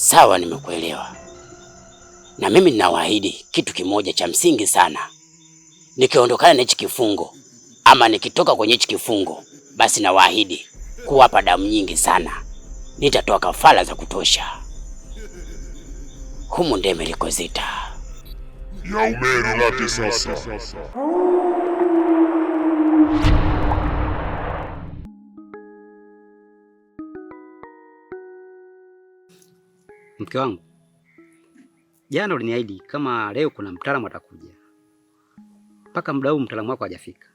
Sawa, nimekuelewa. Na mimi ninawaahidi kitu kimoja cha msingi sana, nikiondokana na hichi kifungo ama nikitoka kwenye hichi kifungo, basi nawaahidi kuwapa damu nyingi sana, nitatoa kafara za kutosha. Humu ndeme likozita ya Umeru lake sasa. mke wangu, jana uliniahidi kama leo kuna mtaalamu atakuja, mpaka muda huu mtaalamu wako hajafika.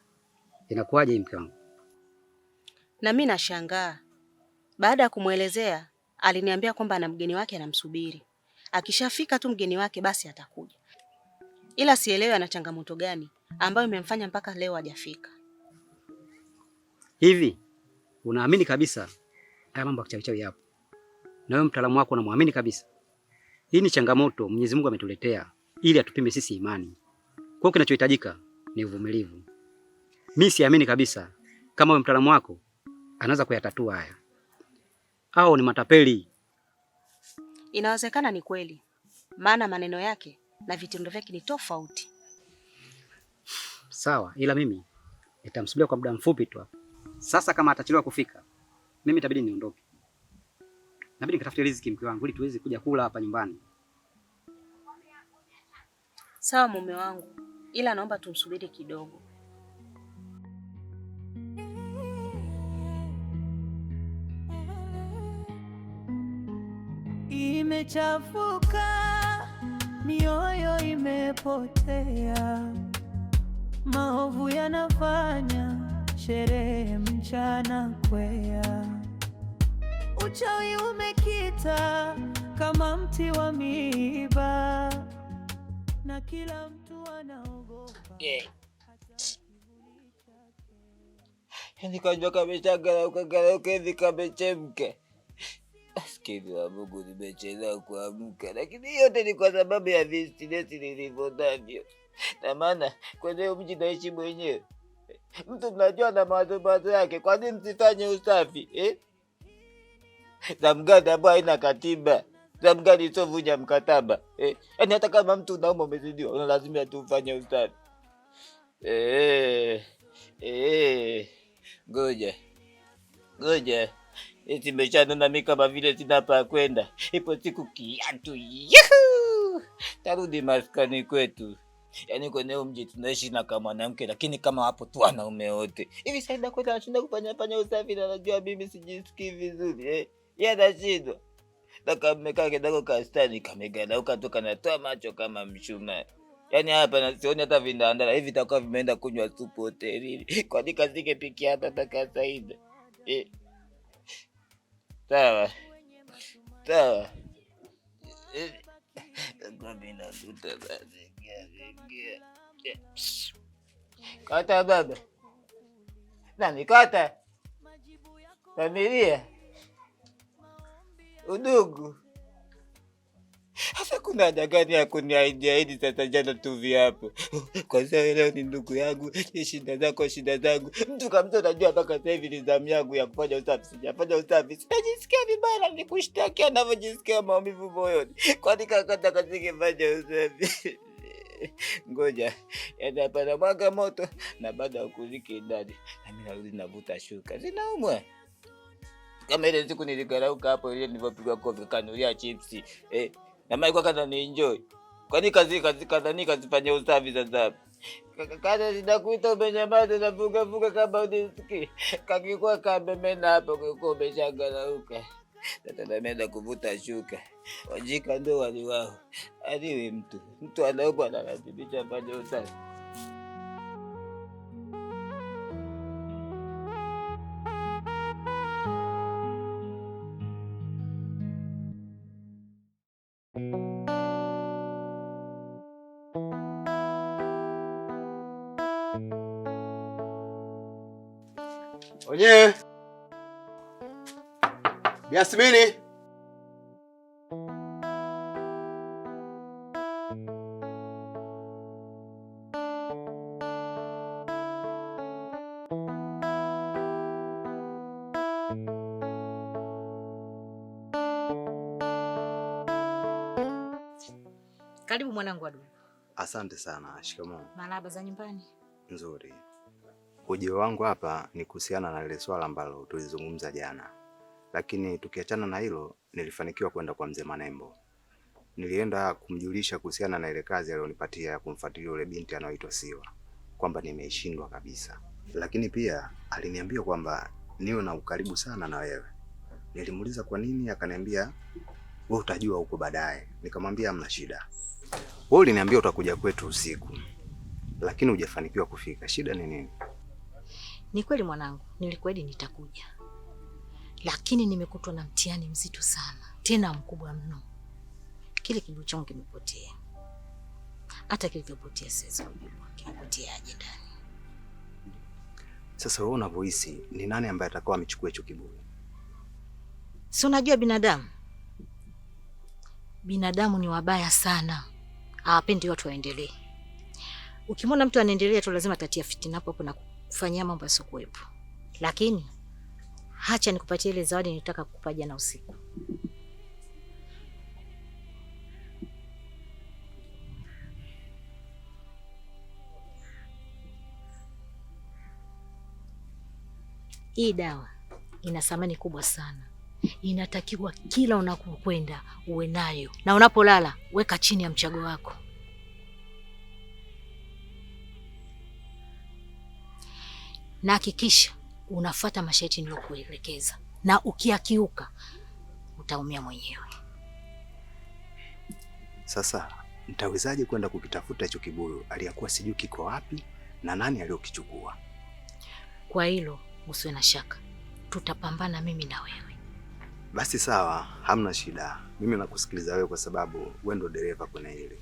Inakuwaje hii mke wangu? Na mimi nashangaa. Baada ya kumwelezea, aliniambia kwamba ana mgeni wake anamsubiri, akishafika tu mgeni wake basi atakuja, ila sielewi ana changamoto gani ambayo imemfanya mpaka leo hajafika. Hivi unaamini kabisa haya mambo ya kichawi chawi yapo? na wewe mtaalamu wako unamwamini kabisa. Hii ni changamoto Mwenyezi Mungu ametuletea ili atupime sisi imani. Kwa hiyo kinachohitajika ni uvumilivu. Mimi siamini kabisa kama wewe mtaalamu wako anaweza kuyatatua haya. Au ni matapeli. Inawezekana ni kweli, maana maneno yake na vitendo vyake ni tofauti. Sawa, ila mimi nitamsubiria kwa muda mfupi tu. Sasa kama atachelewa kufika, mimi itabidi niondoke. Inabidi nikatafute riziki mke wangu ili tuweze kuja kula hapa nyumbani. Sawa mume wangu, ila naomba tumsubiri kidogo. Imechafuka, mioyo imepotea, maovu yanafanya sherehe mchana kwea Uchawi umekita kama mti wa miiba na kila mtu anaogopa yeah. Nikajua kameshageuka geuka hivi kamechemke. Askini wa Mungu, nimechelewa kuamka, lakini yote ni kwa sababu ya vistilesi nilivyo navyo, na maana kwenye mji naishi mwenyewe, mtu mnajua na mawazo mawazo yake. Kwa nini msifanye usafi eh? Adhabu gani ambayo haina katiba? Adhabu gani isovunja mkataba? Eh, yaani eh, hata kama mtu unauma umezidiwa, unalazimia tu ufanye ustadi. Eh, eh, ngoja ngoja, eti eh, nimeshanona mimi kama vile sina pa kwenda. Ipo siku kiatu, yuhu, tarudi maskani kwetu. Yaani kwenye mji tunaishi na kama mwanamke, lakini kama hapo tu wanaume wote hivi. Saida kwenda anashinda kufanya fanya usafi, na najua mimi sijisikii vizuri eh yanashindwa na kameme kidogo kastani kamegeuka tu kanatoa macho kama mshuma Yaani hapa sioni hata vindandala hivi vitakuwa vimeenda kunywa supu hotelini, kwani kazike piki hapa mpaka Saida. Eh. sawa sawa eh. Eh. kata baba nani kata familia udugu. Sasa kuna haja gani ya kuniaidia ahidi? Sasa jana tu viapo, sababu leo ni ndugu yangu, ni shida zako shida zangu. Mtu kama mtu anajua mpaka sasa hivi ni zamu yangu ya kufanya usafi, sijafanya usafi, Najisikia vibaya na anavyojisikia maumivu moyoni, kaka atakasike fanya usafi Ngoja yanapata mwaka moto na baada ya ndani. Na mimi narudi navuta shuka zinaumwa kama ile siku nilikarauka hapo, ile nilipopigwa kofi kanulia chips eh, na maiko kaza ni enjoy, kwani kazi kazi kaza kadhani kazifanya usafi sasa. Kaka zinakuita umenyamaza na vuga vuga kama unisikii. Kakikuwa kamemena hapo kwa umeshangarauka. Sasa nameenda kuvuta shuka. Wajika ndo wali wao. Aliwe mtu. Mtu na analazimisha fanya usafi. Onye. Yasmini Karibu mwanangu Adu. Asante sana. Shikamoo. Marahaba za nyumbani. Nzuri ujio wangu hapa ni kuhusiana na lile swala ambalo tulizungumza jana, lakini tukiachana na hilo, nilifanikiwa kwenda kwa mzee Manembo. Nilienda kumjulisha kuhusiana na ile kazi aliyonipatia ya kumfuatilia yule binti anaoitwa Siwa, kwamba nimeishindwa kabisa, lakini pia aliniambia kwamba niwe na ukaribu sana na wewe. Nilimuuliza kwa nini, akaniambia wewe utajua huko baadaye. Nikamwambia hamna shida. Wewe uliniambia utakuja kwetu usiku, lakini hujafanikiwa kufika. Shida ni nini? Ni kweli mwanangu, nilikuahidi nitakuja, lakini nimekutwa na mtihani mzito sana, tena mkubwa mno. Kile kijibu changu kimepotea, hata kilivyopotea siwezi kujua kimepoteaje ndani. Sasa wewe unavyohisi, ni nani ambaye atakuwa amechukua hicho kibuyu? Si unajua binadamu, binadamu ni wabaya sana, hawapendi watu waendelee. Ukimwona mtu anaendelea tu, lazima atatia fitina hapo hapo na kufanyia mambo yasiyokuwepo, lakini hacha nikupatie ile zawadi nilitaka kukupa jana usiku. Hii dawa ina thamani kubwa sana, inatakiwa kila unakokwenda uwe nayo, na unapolala weka chini ya mchago wako. na hakikisha unafuata masharti niliyokuelekeza, na ukiakiuka utaumia mwenyewe. Sasa nitawezaje kwenda kukitafuta hicho kibuyu aliyakuwa sijui kiko wapi na nani aliyokichukua? Kwa hilo usiwe na shaka, tutapambana mimi na wewe. Basi sawa, hamna shida. Mimi nakusikiliza wewe kwa sababu wewe ndo dereva kwenye hili.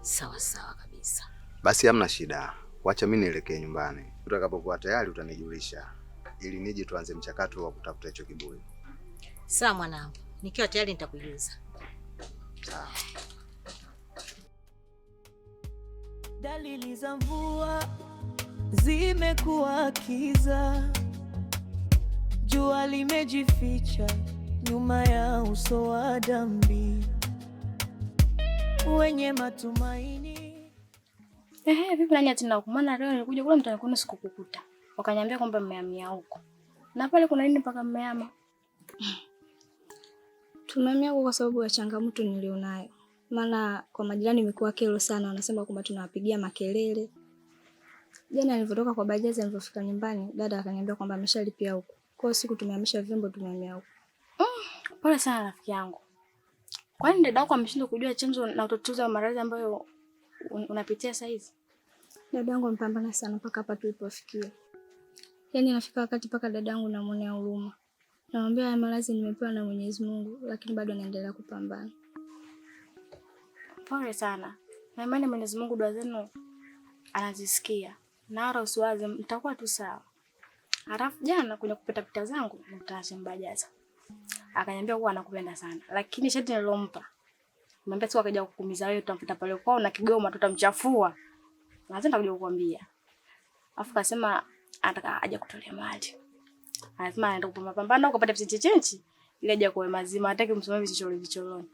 Sawa sawa kabisa. Basi hamna shida. Wacha mimi nielekee nyumbani, utakapokuwa tayari utanijulisha ili niji tuanze mchakato wa kutafuta hicho kibuyu. Sawa mwanangu, nikiwa tayari nitakujuza. Dalili za mvua zimekuwa kiza, jua limejificha nyuma ya uso wa dambi wenye matumaini Ehe, vipi nani atina huko? Maana leo nilikuja kule mtaani kwenu sikukukuta. Wakaniambia kwamba mmehamia huko. Na pale kuna nini mpaka mmehama? Tumehamia huko kwa sababu ya changamoto nilionayo. Maana kwa majirani imekuwa kero sana, wanasema kwamba tunawapigia makelele. Jana nilivotoka kwa bajaji, nilipofika nyumbani, dada akaniambia kwamba ameshalipia huko. Kwa hiyo siku tumehamisha vyombo, tumehamia huko. Mm, pole sana rafiki yangu. Kwani dada yako ameshindwa kujua chanzo na utatuzi wa maradhi ambayo unapitia saizi. Dada yangu amepambana sana mpaka hapa tulipofikia. Yaani nafika wakati mpaka dada yangu namwonea huruma. Namwambia haya malazi nimepewa na Mwenyezi Mungu, lakini bado anaendelea kupambana. Pole sana. Na imani Mwenyezi Mungu dua zenu anazisikia. Na wala usiwaze, mtakuwa tu sawa. Halafu jana kwenye kupita pita zangu nikutana Shembajaza. Akaniambia anakupenda sana, lakini shati nilompa Mwambia tu akija kukumiza wewe utamfuta pale kwao na kigoma tutamchafua. Lazima nitakuja kukwambia. Alafu kasema anataka aje kutolea mali. Anasema anaenda kupamba pambana huko pata picha chenchi ili aje kwa mazima hataki msimame vichochoro vichoroni.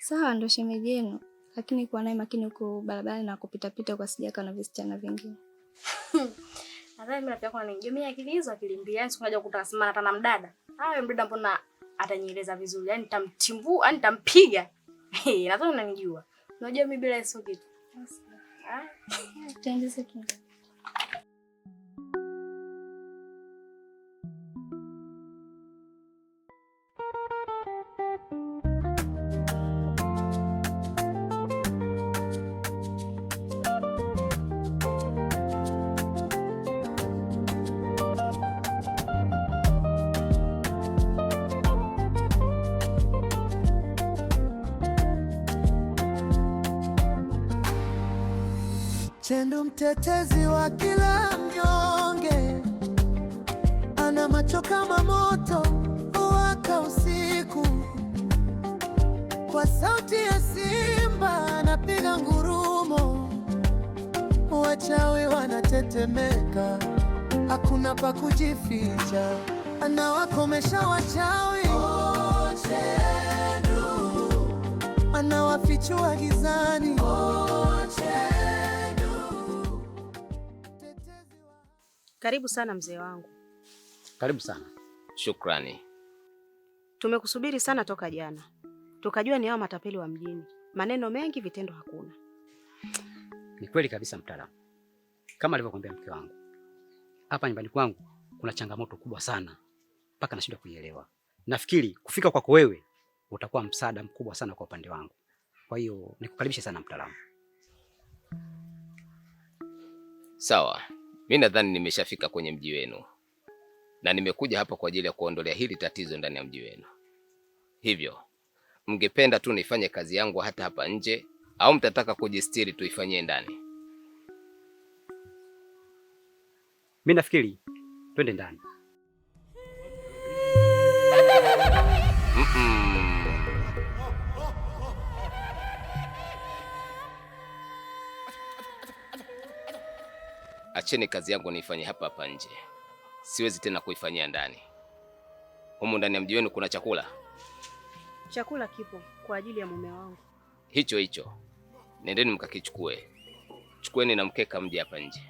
Sawa ndio shemeji yenu. Lakini kuwa naye makini huko barabarani na kupita pita kwa sijaka na visichana vingine. Nadhani mimi na pia kwa nijumia akili hizo akili yaani sikuja kukuta simama hata na mdada. Hayo mdada mbona atanieleza vizuri, yani nitamtimbua, yani nitampiga. Nadhani unanijua, unajua mimi bila Yesu kitu. mtetezi wa kila mnyonge, ana macho kama moto huwaka usiku. Kwa sauti ya simba anapiga ngurumo, wachawi wanatetemeka, hakuna pa kujificha, anawakomesha wachawi anawafichua gizani. Karibu sana mzee wangu. Karibu sana. Shukrani. Tumekusubiri sana toka jana, tukajua ni hao matapeli wa mjini, maneno mengi, vitendo hakuna. Ni kweli kabisa mtaalamu, kama alivyokwambia mke wangu, hapa nyumbani kwangu kuna changamoto kubwa sana mpaka nashindwa kuielewa. Nafikiri kufika kwako wewe utakuwa msaada mkubwa sana kwa upande wangu, kwa hiyo nikukaribishe sana mtaalamu. Sawa. Mi nadhani nimeshafika kwenye mji wenu na nimekuja hapa kwa ajili ya kuondolea hili tatizo ndani ya mji wenu. Hivyo mngependa tu nifanye kazi yangu hata hapa nje, au mtataka kujistiri tuifanyie ndani? Mi nafikiri twende ndani. mm -mm. acheni kazi yangu niifanye hapa hapa nje, siwezi tena kuifanyia ndani. Humu ndani ya mji wenu kuna chakula? Chakula kipo kwa ajili ya mume wangu. Hicho hicho nendeni mkakichukue, chukueni na mkeka mje hapa nje.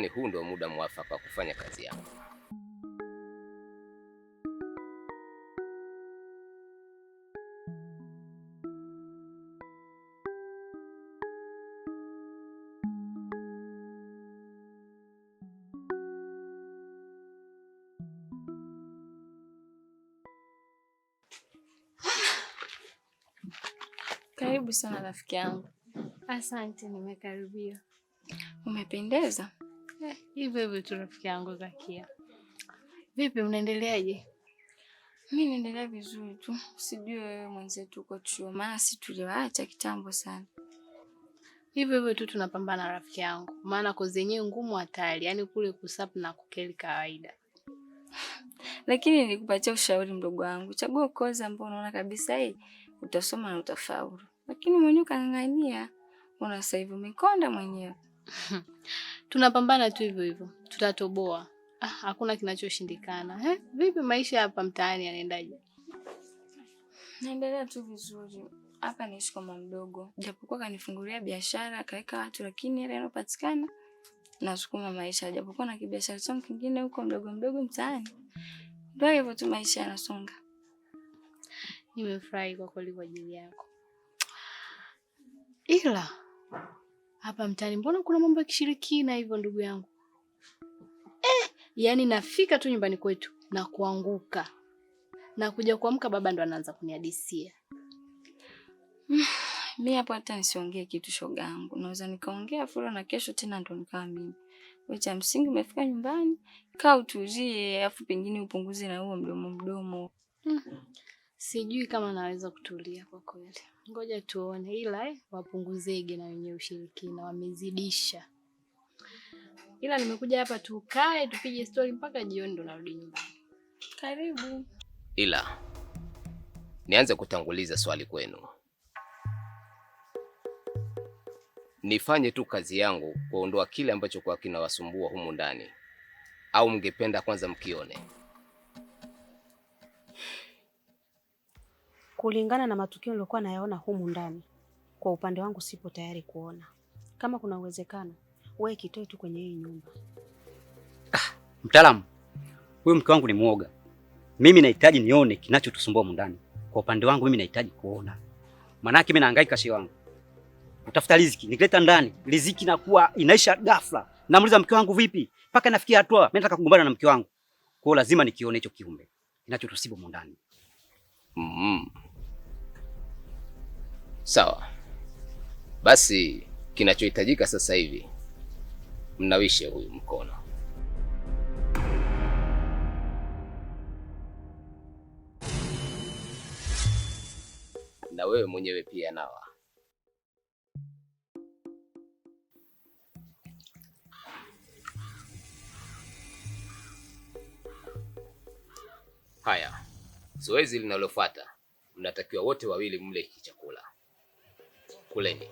nadhani huu ndio muda mwafaka wa kufanya kazi yako. Karibu sana rafiki yangu. Asante, nimekaribia. Umependeza. Hivyo hivyo tu rafiki yangu Zakia. Vipi mnaendeleaje? Mimi naendelea vizuri tu. Sijui wewe mwenzetu uko chuo, maana si tuliwaacha kitambo sana. Hivyo hivyo tu tunapambana rafiki yangu, maana kozi zenyewe ngumu hatari, yaani kule kusap na kukeli kawaida. Lakini nikupatia ushauri mdogo wangu, chagua kozi ambayo unaona kabisa hii eh, utasoma na utafaulu, lakini mwenyewe ukang'ang'ania. unasaivu mikonda mwenyewe tunapambana tu hivyo hivyo, tutatoboa. Ah, hakuna kinachoshindikana eh? Vipi maisha hapa mtaani yanaendaje? Naendelea tu vizuri hapa, naishi kwa mama mdogo, japokuwa kanifungulia biashara kaweka watu, lakini ile inayopatikana nasukuma maisha, japokuwa na kibiashara changu kingine huko mdogo mdogo mtaani, ndio hivyo tu, maisha yanasonga. Nimefurahi kwa kweli kwa ajili yako, ila hapa mtaani, mbona kuna mambo ya kishirikina hivyo ndugu yangu eh? Yani nafika tu nyumbani kwetu na kuanguka na kuja kuamka, baba ndo anaanza kunihadisia mi hapo hata nisiongee kitu, shogangu naweza nikaongea fura na kesho tena ndo nikawa mimi. Cha msingi umefika nyumbani, kaa utuzie, afu pengine upunguze na huo mdomo mdomo. Hmm. Sijui kama naweza kutulia kwa kweli, ngoja tuone, ila wapunguzege na wenye ushirikina wamezidisha. Ila nimekuja hapa tukae tupige stori mpaka jioni, ndo narudi nyumbani. Karibu. Ila nianze kutanguliza swali kwenu, nifanye tu kazi yangu kuondoa kile ambacho kwa kinawasumbua humu ndani, au mngependa kwanza mkione? kulingana na matukio niliokuwa nayaona humu ndani, kwa upande wangu sipo tayari kuona. Kama kuna uwezekano, wewe kitoe tu kwenye hii nyumba. Ah, mtaalamu huyu mke wangu ni mwoga. Mimi nahitaji nione kinachotusumbua humu ndani. Kwa upande wangu mimi nahitaji kuona, maanake mimi nahangaika shi wangu utafuta riziki, nikileta ndani riziki inakuwa inaisha ghafla. Namuuliza mke wangu vipi, mpaka nafikia hatua mimi nataka kugombana na mke wangu. Kwa hiyo lazima nikione hicho kiumbe kinachotusibu humu ndani. Mm. Sawa basi, kinachohitajika sasa hivi mnawishe huyu mkono. Na wewe mwenyewe pia nawa. Haya, zoezi linalofuata mnatakiwa wote wawili mle hiki chakula kuleni.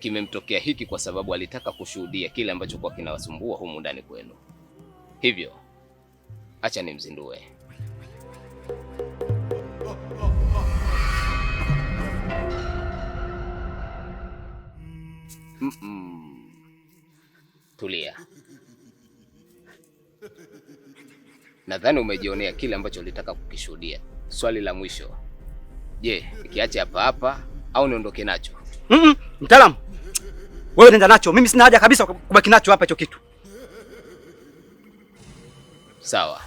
Kimemtokea hiki kwa sababu alitaka kushuhudia kile ambacho kwa kinawasumbua humu ndani kwenu. Hivyo acha nimzindue. Mm -mm. Tulia, nadhani umejionea kile ambacho ulitaka kukishuhudia. Swali la mwisho, je, nikiache hapa hapa au niondoke nacho? mm -mm. Mtaalamu wewe, nenda nacho, mimi sina haja kabisa kubaki nacho hapa hicho kitu. Sawa,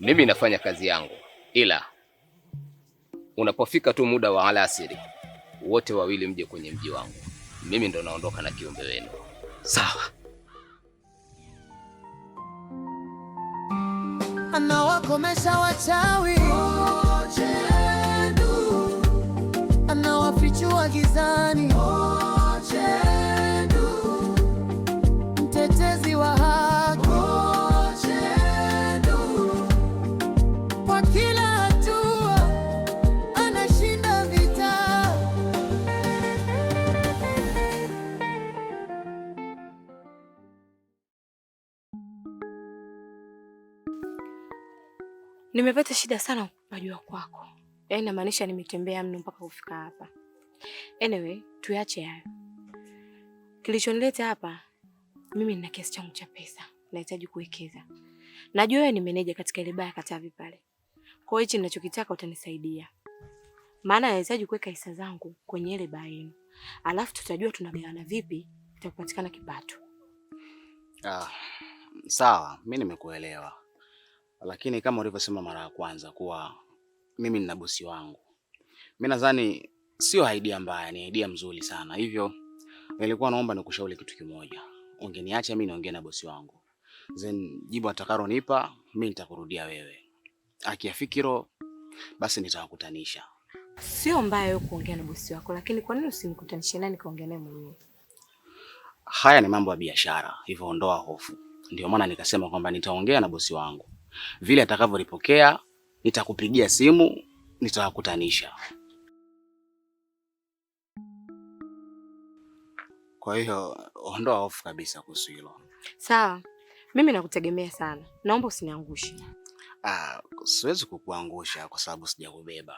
mimi nafanya kazi yangu, ila unapofika tu muda wa alasiri, wote wawili mje kwenye mji wangu mimi ndo naondoka na kiumbe wenu. Sawa. Anawakomesha wachawi, anawafichua gizani. Nimepata shida sana kukupajua kwako, yaani namaanisha nimetembea mno mpaka kufika hapa. Anyway, tuache hayo. Kilichonileta hapa mimi, nina kiasi changu cha pesa nahitaji kuwekeza. Najua wewe ni meneja katika ile baa ya Katavi pale, kwa hiyo hichi ninachokitaka utanisaidia, maana nahitaji kuweka hisa zangu kwenye ile baa yenu, alafu tutajua tunagawana vipi itakupatikana kipato. Ah, sawa, mimi nimekuelewa lakini kama ulivyosema mara ya kwanza kuwa mimi nina bosi wangu, mimi nadhani sio idea mbaya, ni idea mzuri sana. Hivyo nilikuwa naomba nikushauri kitu kimoja, ungeniacha mimi niongee na bosi wangu, then jibu atakalonipa mimi nitakurudia wewe. Akiafiki hilo, basi nitakukutanisha. Sio mbaya wewe kuongea na bosi wako, lakini kwa nini usimkutanishe naye nikaongea naye mwenyewe? Haya ni mambo ya biashara, hivyo ondoa hofu. Ndio maana nikasema kwamba nitaongea na bosi wangu vile atakavyolipokea nitakupigia simu, nitawakutanisha. Kwa hiyo ondoa hofu kabisa kuhusu hilo. Sawa, mimi nakutegemea sana, naomba usiniangushe. Ah, siwezi kukuangusha kwa sababu sijakubeba.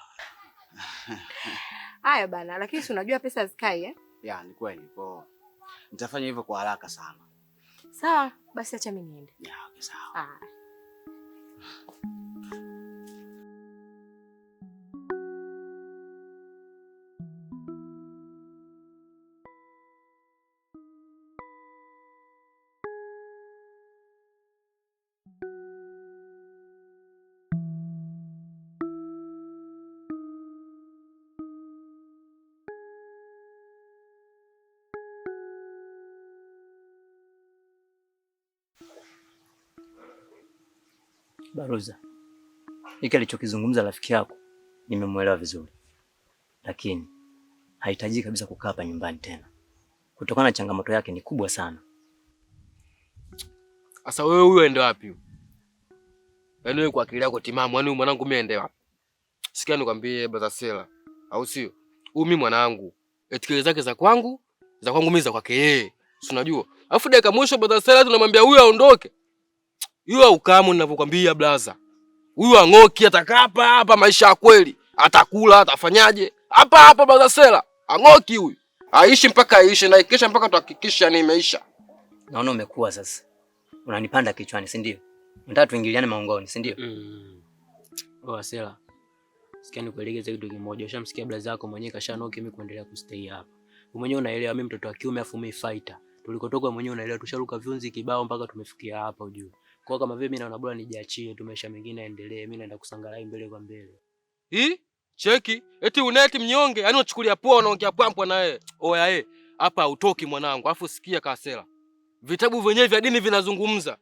Haya bana, lakini si unajua pesa zikai eh? Ya, ni kweli. Kwa nitafanya hivyo kwa haraka sana. Sawa, basi acha mimi niende. Ya, okay, sawa. Ah. あ。Rosa, hiki alichokizungumza rafiki yako nimemwelewa vizuri, lakini hahitaji kabisa kukaa hapa nyumbani tena, kutokana na changamoto yake ni kubwa sana. Sasa wewe huyo aende wapi? Yaani wewe kwa akili yako timamu, yaani mwanangu mimi aende wapi? Sikia nikwambie brother Sela, au sio? Huyu mimi mwanangu, etiketi zake za kwangu, za kwangu mimi za kwake yeye. Si unajua? Alafu dakika mwisho brother Sela tunamwambia huyo aondoke. Yule ukamu ninavyokwambia blaza. Huyu Ang'oki atakaa hapa hapa maisha ya kweli. Atakula, atafanyaje? Hapa hapa blaza Sela. Ang'oki huyu. Aishi mpaka aishi na ikisha mpaka tuhakikisha ni imeisha. Naona umekuwa sasa. Unanipanda kichwani, si ndio? Unataka tuingiliane maongoni, si ndio? Mm. Oa Sela. Sikia nikuelekeze kitu kimoja. Ushamsikia blaza yako mwenyewe kashanoki mimi kuendelea kustay hapa. Wewe mwenyewe unaelewa mimi mtoto wa kiume afu mimi fighter. Tulikotoka mwenyewe unaelewa tusharuka viunzi kibao mpaka tumefikia hapa ujue. Kwa kama vile mimi naona bora nijiachie tu, maisha mengine yaendelee. Mimi naenda kusangalai mbele kwa mbele. Hii cheki, eti unaeti mnyonge, yani unachukulia poa unaongea pwampo na yeye. Oya eh, hapa hautoki mwanangu. Alafu sikia Kasela. Vitabu vyenyewe vya dini vinazungumza.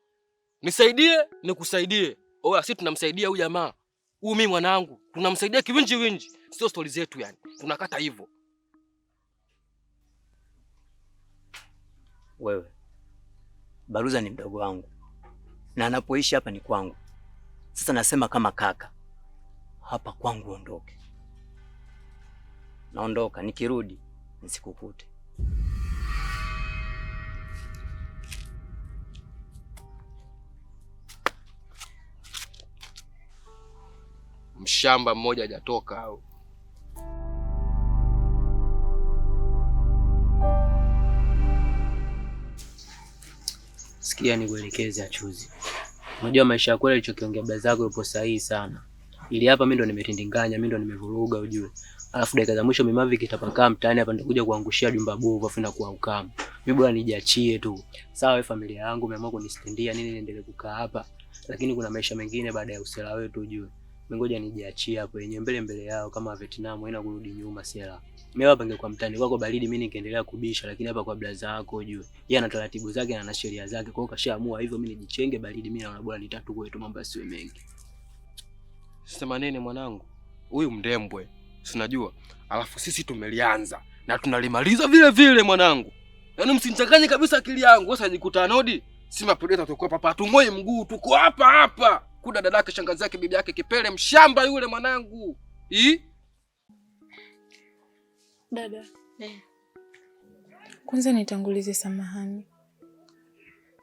Nisaidie, nikusaidie. Oya sisi tunamsaidia huyu jamaa. Huyu mimi mwanangu, tunamsaidia kiwinji winji. Sio stori zetu yani. Tunakata hivyo. Wewe. Baruza ni mdogo wangu na anapoishi hapa ni kwangu. Sasa nasema kama kaka, hapa kwangu ondoke. Naondoka, nikirudi nisikukute. Mshamba mmoja hajatoka au? Sikia, nikuelekeze achuzi Unajua maisha ya kweli alichokiongea baza zako yupo sahihi sana. Ili hapa mimi ndo nimetindinganya, mimi ndo nimevuruga ujue. Alafu dakika za mwisho mimavi kitapakaa mtaani hapa ndo kuja kuangushia jumba bovu afu na kuaukama. Mimi bora nijiachie tu. Sawa wewe familia yangu umeamua kunistendia nini niendelee kukaa hapa. Lakini kuna maisha mengine baada ya usela wetu ujue. Ngoja nijiachie hapo yenyewe mbele mbele yao kama Vietnam haina kurudi nyuma sela. Mimi hapa ningekuwa mtani wako baridi, mimi ningeendelea kubisha, lakini hapa kwa blaza wako juu, yeye ana taratibu zake na ana sheria zake. Kwa hiyo kashaamua hivyo, mimi nijichenge baridi. Mimi naona bora nitatu hiyo mambo yasiwe mengi. Sema nini mwanangu, huyu mdembwe sinajua, alafu sisi tumelianza na tunalimaliza vile vile mwanangu, yaani msinichanganye kabisa akili yangu. Sasa nikutanodi Simba Predator, tuko hapa, tumoe mguu, tuko hapa hapa, kuda dadake, shangazi yake, bibi yake, kipele mshamba yule mwanangu, hii Dada eh, kwanza nitangulize samahani.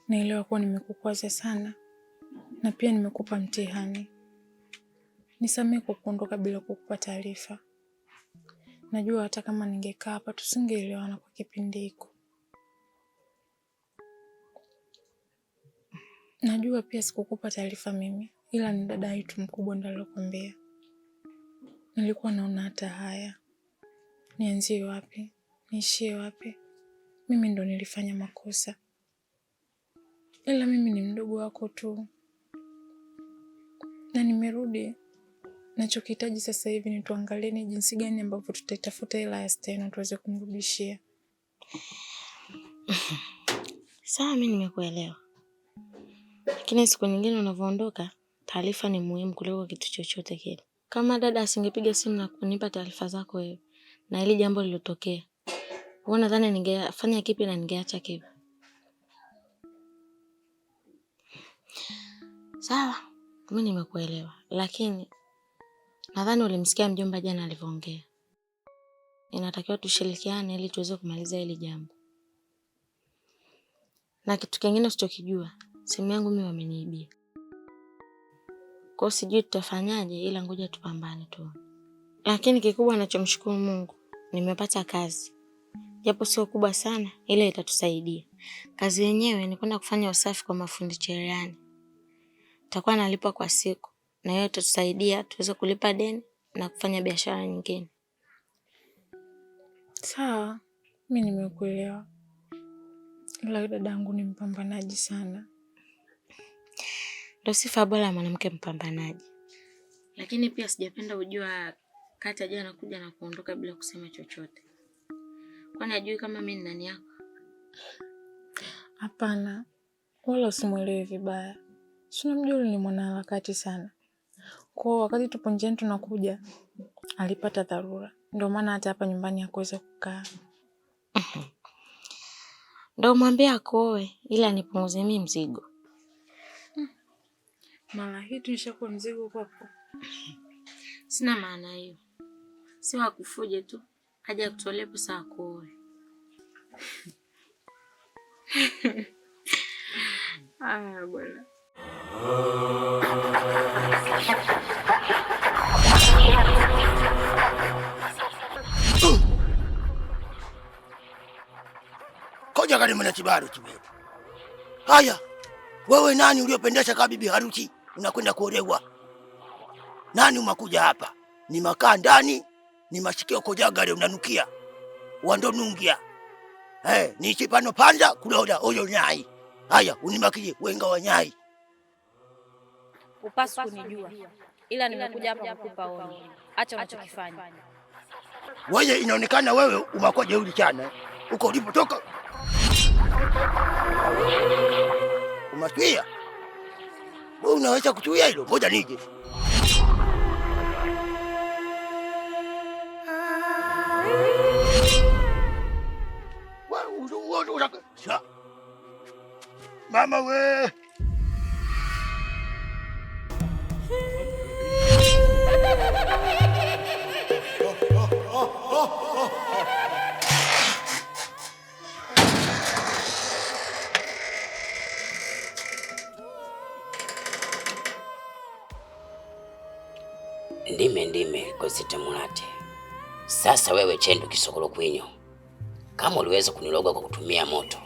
Naelewa kuwa nimekukwaza sana na pia nimekupa mtihani. Nisamehe kwa kuondoka bila kukupa taarifa. Najua hata kama ningekaa hapa tusingeelewana kwa kipindi hiko. Najua pia sikukupa taarifa mimi, ila ni dada yetu mkubwa ndo alikwambia. Nilikuwa naona hata haya nianzie wapi, niishie wapi? Mimi ndo nilifanya makosa, ila mimi ni mdogo wako tu na nimerudi. Nachokihitaji sasa hivi ni tuangalieni jinsi gani ambavyo tutaitafuta hela ya Steno tuweze kumrudishia. Sawa, mi nimekuelewa, lakini siku nyingine unavyoondoka, taarifa ni muhimu kuliko kitu chochote kile. Kama dada asingepiga simu na kunipa taarifa zako wewe na hili jambo lilotokea. Wewe unadhani ningefanya kipi na ningeacha kipi? Sawa, mimi nimekuelewa, lakini nadhani ulimsikia mjomba jana alivyoongea. Inatakiwa tushirikiane ili tuweze kumaliza hili jambo. Na kitu kingine usichokijua, simu yangu mimi wameniibia. Kwa hiyo sijui tutafanyaje, ila ngoja tupambane tu. Lakini kikubwa nachomshukuru Mungu nimepata kazi, japo sio kubwa sana, ila itatusaidia. Kazi yenyewe ni kwenda kufanya usafi kwa mafundi cherehani. Takuwa nalipwa kwa siku, na hiyo itatusaidia tuweze kulipa deni na kufanya biashara nyingine. Sawa, mi nimekuelewa, ila dadangu ni mpambanaji sana. Ndo sifa bora ya mwanamke mpambanaji, lakini pia sijapenda ujua kati ajua anakuja na kuondoka bila kusema chochote. Kwani ajui kama mimi ni nani yako? Hapana, wala usimwelewe vibaya. Si unamjua ni mwanaharakati sana. Kwa wakati tupo njiani tunakuja, alipata dharura, ndio maana hata hapa nyumbani hakuweza kukaa. Ndio mwambie akoe ili anipunguzie mimi mzigo. Hmm. Mara hii tunishakuwa mzigo kwako. Sina maana hiyo si wakufuje tu aje akutolea pesa akuoe. Aya bwana. Koja kalimana kibaru kibebu. Haya, wewe nani uliopendesha kama bibi harusi unakwenda kuolewa? Nani umakuja hapa? Ni makaa ndani ni mashikio gari unanukia wandonungia hey, nichipano panda kulola oyo nyai haya unimakije wenga wa nyai upasu kunijua ila nimekuja hapa kukupa onyo. Acha unachokifanya wewe, inaonekana wewe umakuwa jeuri chana uko ulipotoka umatuia Wewe unaweza kutuia hilo, ngoja nije. Sha. Mama we. Ndime ndime kositemulate. Sasa wewe chendo kisokolo kwinyo kama uliweza kuniloga kwa kutumia moto,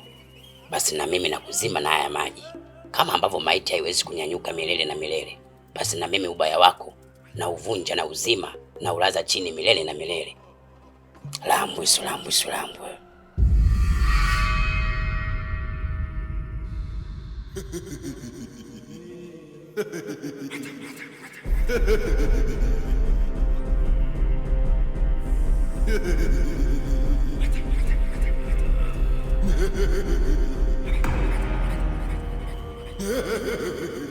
basi na mimi nakuzima na haya maji. Kama ambavyo maiti haiwezi kunyanyuka milele na milele, basi na mimi ubaya wako na uvunja na uzima na ulaza chini milele na milele. Lambwisu, lambwisu, lambwe Ha ha ha ha!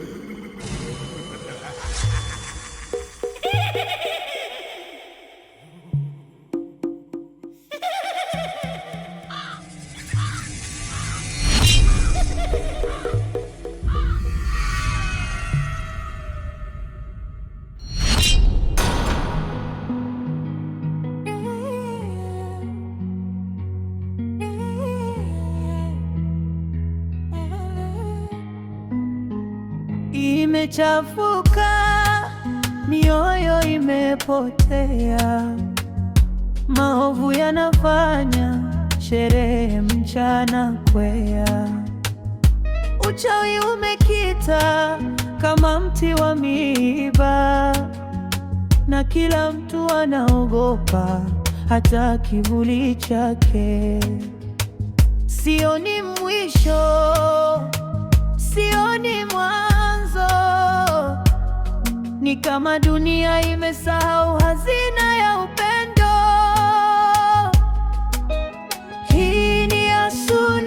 imechafuka, mioyo imepotea, maovu yanafanya sherehe mchana kwea, uchawi umekita kama mti wa miiba, na kila mtu anaogopa hata kivuli chake. Sioni mwisho, sioni mwisho. Ni kama dunia imesahau hazina ya upendo. Hii ni ya